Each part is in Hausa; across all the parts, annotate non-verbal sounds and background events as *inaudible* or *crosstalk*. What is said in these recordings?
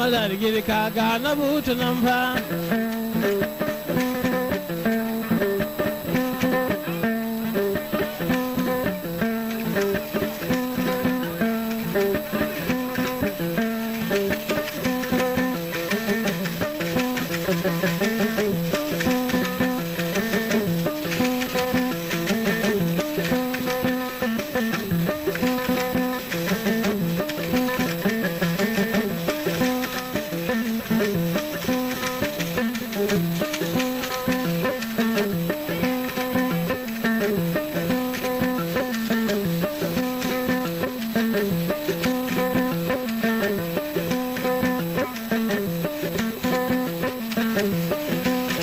Malar girka ga na butunan fa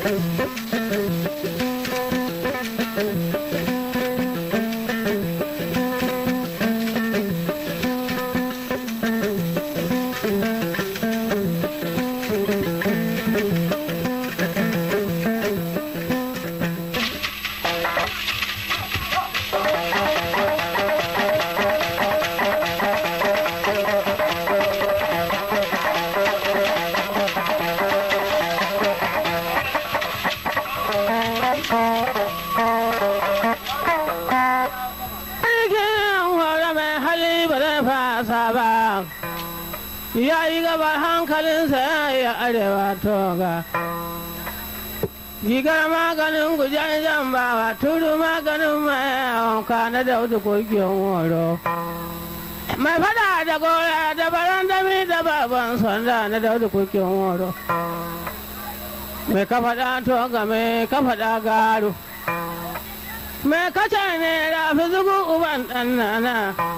Thank *laughs* you. matasa ba ya yi gabar hankalinsa ya yi arewa toga Gigar maganin gujen jambawa turu maganin mai kana da wuta kokin woro. Mai fada da gora da baran dami da baban sanda na da wuta kokin woro. Mai kafaɗa to ga mai kafaɗa garo. Mai kaca ne fi zugu uban ɗan nana.